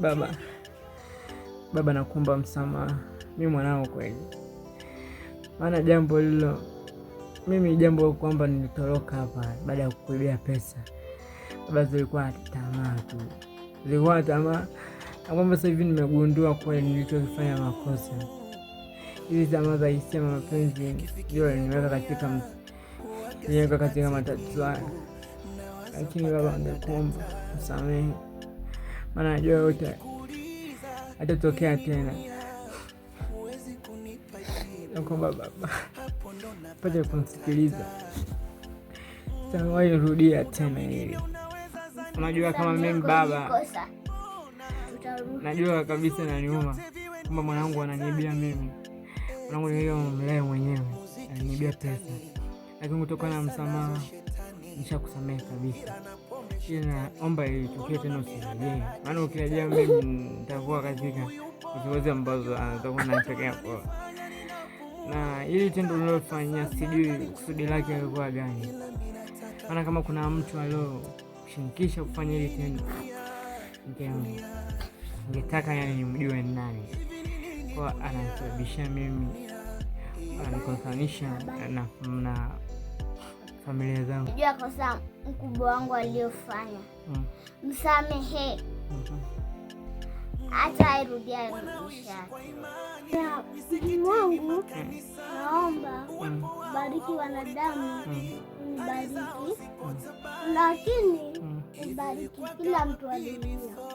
Baba, Baba, nakuomba msamaha mi mwanao kweli, maana jambo lilo mimi jambo kwamba nilitoroka hapa baada ya kukuibia pesa baba, zilikuwa tamaa tu, zilikuwa tamaa na kwamba sasa hivi nimegundua kweli nilichokifanya makosa. Hizi tamaa za hisia na mapenzi ndio nimeweka katika niweka katika matatizo haya, lakini baba, nakuomba msamehe maana najua yote atatokea tena. Nakuomba baba, pate kumsikiliza, siwahi rudia tena hili. Unajua kama mimi baba, najua kabisa naniuma kwamba mwanangu ananiibia mimi, mwanangu nilio mlea mwenyewe ananiibia pesa, lakini kutokana na msamaha nishakusamehe kabisa. Shina, omba ili tena usirejee, maana ukirejea mimi nitakuwa katika viwazi ambazo atakuwa ah, nachekea kwa na ili tendo lilofanyia, sijui kusudi lake alikuwa gani. Maana kama kuna mtu alioshinikisha kufanya hili tendo, ningetaka yani nimjue nani kwa anasababisha mimi anikosanisha na familia zangu. Najua kosa mkubwa wangu aliyofanya, mm. msamehe mm. hata mm -hmm. airudia mshati wangu mm. naomba mm. bariki wanadamu mm. bariki mm. lakini mm. bariki kila mtu alilia